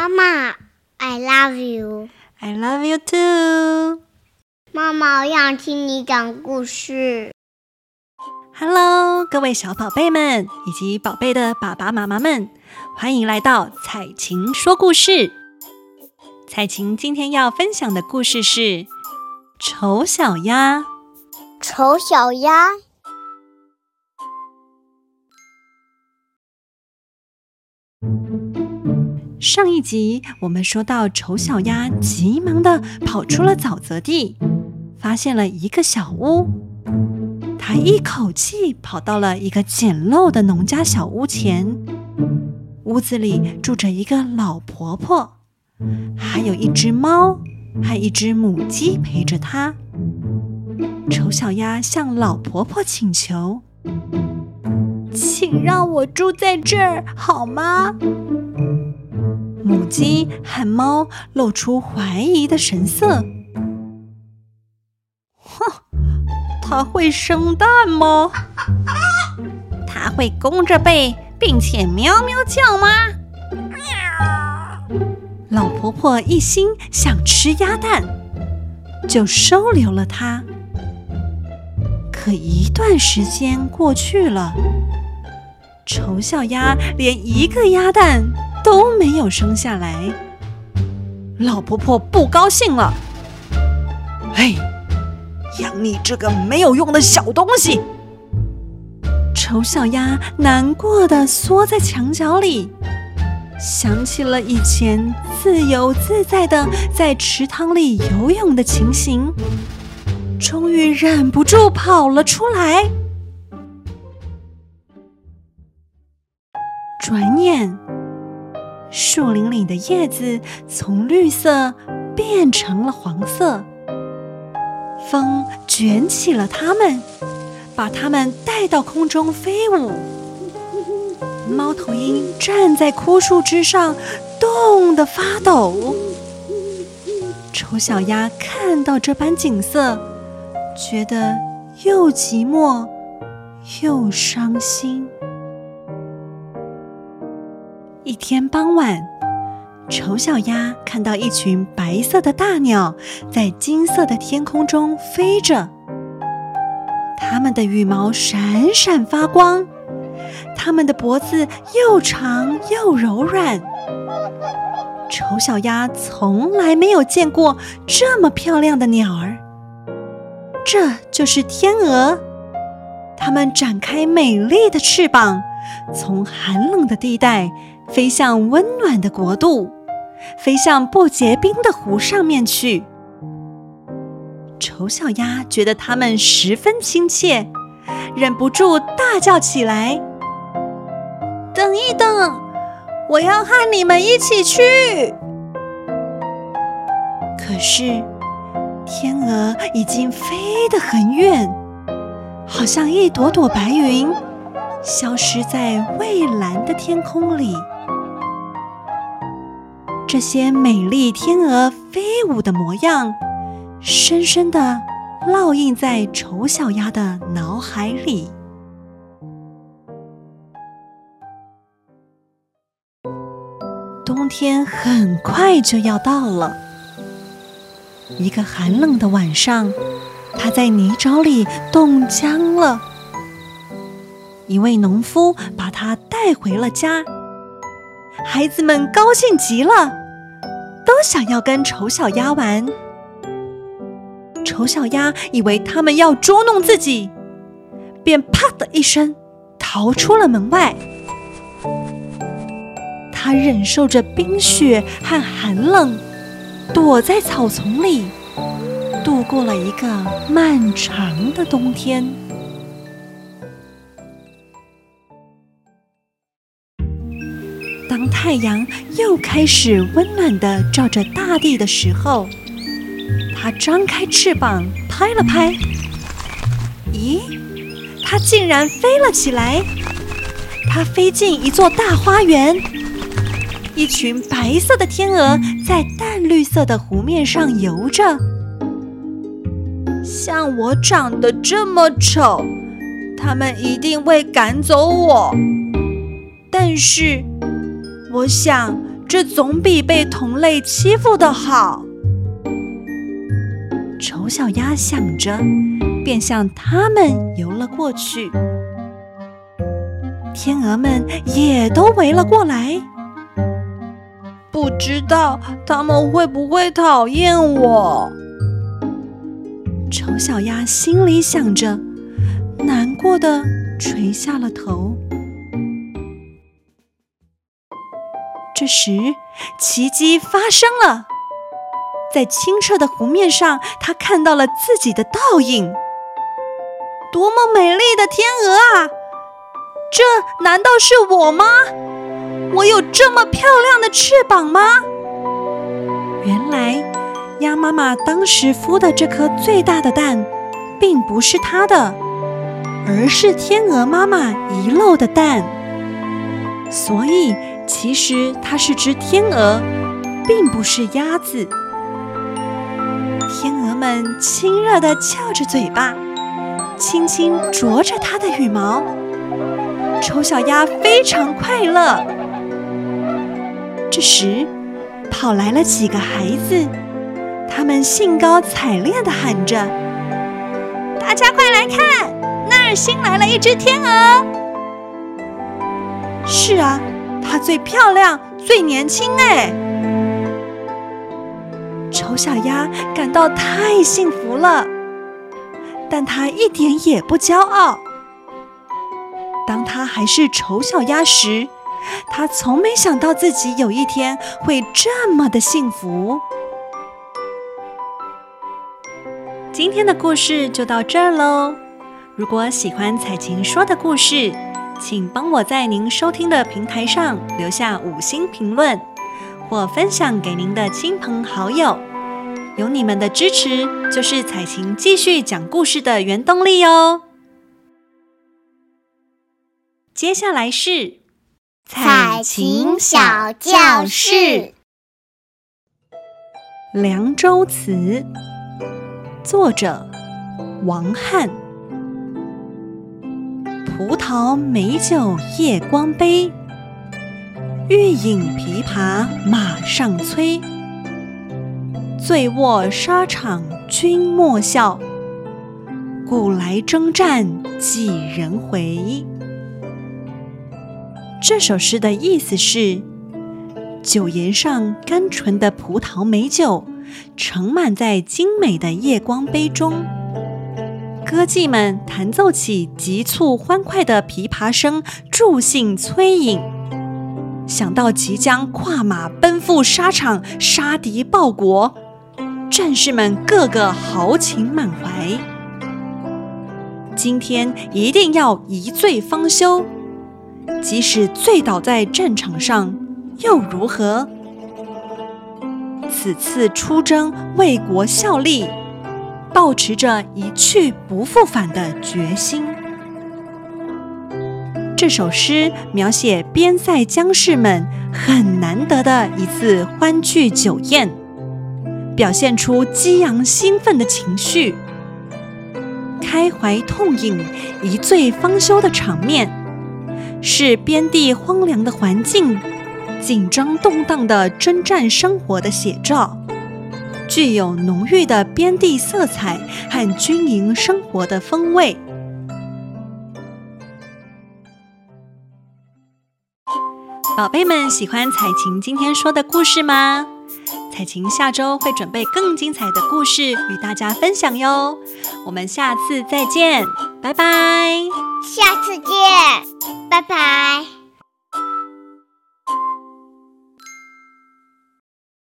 媽媽，I love you. I love you too. 媽媽，我想聽你講故事。Hello，各位小寶貝們以及寶貝的爸爸媽媽們，歡迎來到采晴說故事。采晴今天要分享的故事是醜小鴨《醜小鴨》。醜小鴨。上一集我們說到，醜小鴨急忙地跑出了沼澤地，發現了一個小屋。他一口氣跑到了一個簡陋的農家小屋前，屋子裡住着一個老婆婆，還有一只貓，還有一只母雞陪着它。醜小鴨向老婆婆請求：“請讓我住在這兒，好嗎？”母雞和貓露出懷疑的神色。哼，它會生蛋嗎？它會弓着背並且喵喵叫嗎？老婆婆一心想吃鴨蛋，就收留了它。可一段時間過去了，醜小鴨連一個鴨蛋都沒有生下來，老婆婆不高興了。哎，養你這個沒有用的小東西！醜小鴨難過的縮在牆角裡，想起了以前自由自在的在池塘裡游泳的情形，終於忍不住跑了出來。轉眼。樹林裡的葉子從綠色變成了黃色，風捲起了它們，把它們帶到空中飛舞。貓頭鷹站在枯樹枝上，凍得發抖。醜小鴨看到這般景色，覺得又寂寞又傷心。一天傍晚，醜小鴨看到一群白色的大鳥在金色的天空中飛着，它們的羽毛閃閃發光，它們的脖子又長又柔軟。醜小鴨從來沒有見過這麼漂亮的鳥兒。這就是天鵝，它們展開美麗的翅膀，從寒冷的地帶。飛向溫暖的國度，飛向不結冰的湖上面去。醜小鴨覺得它們十分親切，忍不住大叫起來：“等一等，我要和你們一起去！”可是，天鵝已經飛得很遠，好像一朵朵白雲，消失在蔚藍的天空裡。這些美麗天鵝飛舞的模樣，深深地烙印在醜小鴨的腦海裡。冬天很快就要到了，一個寒冷的晚上，它在泥沼裡凍僵了。一位農夫把它帶回了家，孩子們高興極了。都想要跟醜小鴨玩，醜小鴨以為他們要捉弄自己，便啪的一聲逃出了門外。它忍受着冰雪和寒冷，躲在草叢裡，度過了一個漫長的冬天。太陽又開始溫暖的照着大地的時候，它張開翅膀拍了拍。咦，它竟然飛了起來！它飛進一座大花園，一群白色的天鵝在淡綠色的湖面上游着。像我長得這麼醜，它們一定會趕走我。但是。我想，這總比被同類欺負的好。醜小鴨想着，便向他們游了過去。天鵝們也都圍了過來。不知道他們會不會討厭我？醜小鴨心裡想着，難過地垂下了頭。這時，奇蹟發生了。在清澈的湖面上，他看到了自己的倒影。多麼美麗的天鵝啊！這難道是我嗎？我有這麼漂亮的翅膀嗎？原來，鴨媽媽當時孵的這顆最大的蛋，並不是它的，而是天鵝媽媽遺漏的蛋。所以，其實它是只天鵝，並不是鴨子。天鵝們親熱地翹着嘴巴，輕輕啄着它的羽毛。醜小鴨非常快樂。這時，跑來了幾個孩子，他們興高采烈地喊着：“大家快來看，那兒新來了一只天鵝！”是啊。她最漂亮，最年輕哎！醜小鴨感到太幸福了，但它一點也不驕傲。當它還是醜小鴨時，它從沒想到自己有一天會這麼的幸福。今天的故事就到這兒嘍。如果喜歡采晴說的故事。請幫我在您收聽的平台上留下五星評論，或分享給您的親朋好友。有你們的支持，就是采晴繼續講故事的原動力哦。接下來是采晴小教室，《涼州詞》，作者王翰。葡萄美酒夜光杯，欲飲琵琶馬上催。醉臥沙場君莫笑，古來征戰幾人回？這首詩的意思是：酒宴上甘醇的葡萄美酒，盛滿在精美的夜光杯中。歌妓們彈奏起急促歡快的琵琶聲，助興催飲。想到即將跨馬奔赴沙場，殺敵報國，戰士們個個豪情滿懷。今天一定要一醉方休，即使醉倒在戰場上又如何？此次出征為國效力。抱持着一去不復返的決心。這首詩描寫邊塞將士們很難得的一次歡聚酒宴，表現出激昂興奮的情緒、開懷痛飲、一醉方休的場面，是邊地荒涼的環境、緊張動盪的征戰生活的寫照。具有濃郁的邊地色彩和軍營生活的風味。寶貝們，喜歡采晴今天說的故事嗎？采晴下周會準備更精彩的故事與大家分享喲。我們下次再見，拜拜！下次見，拜拜。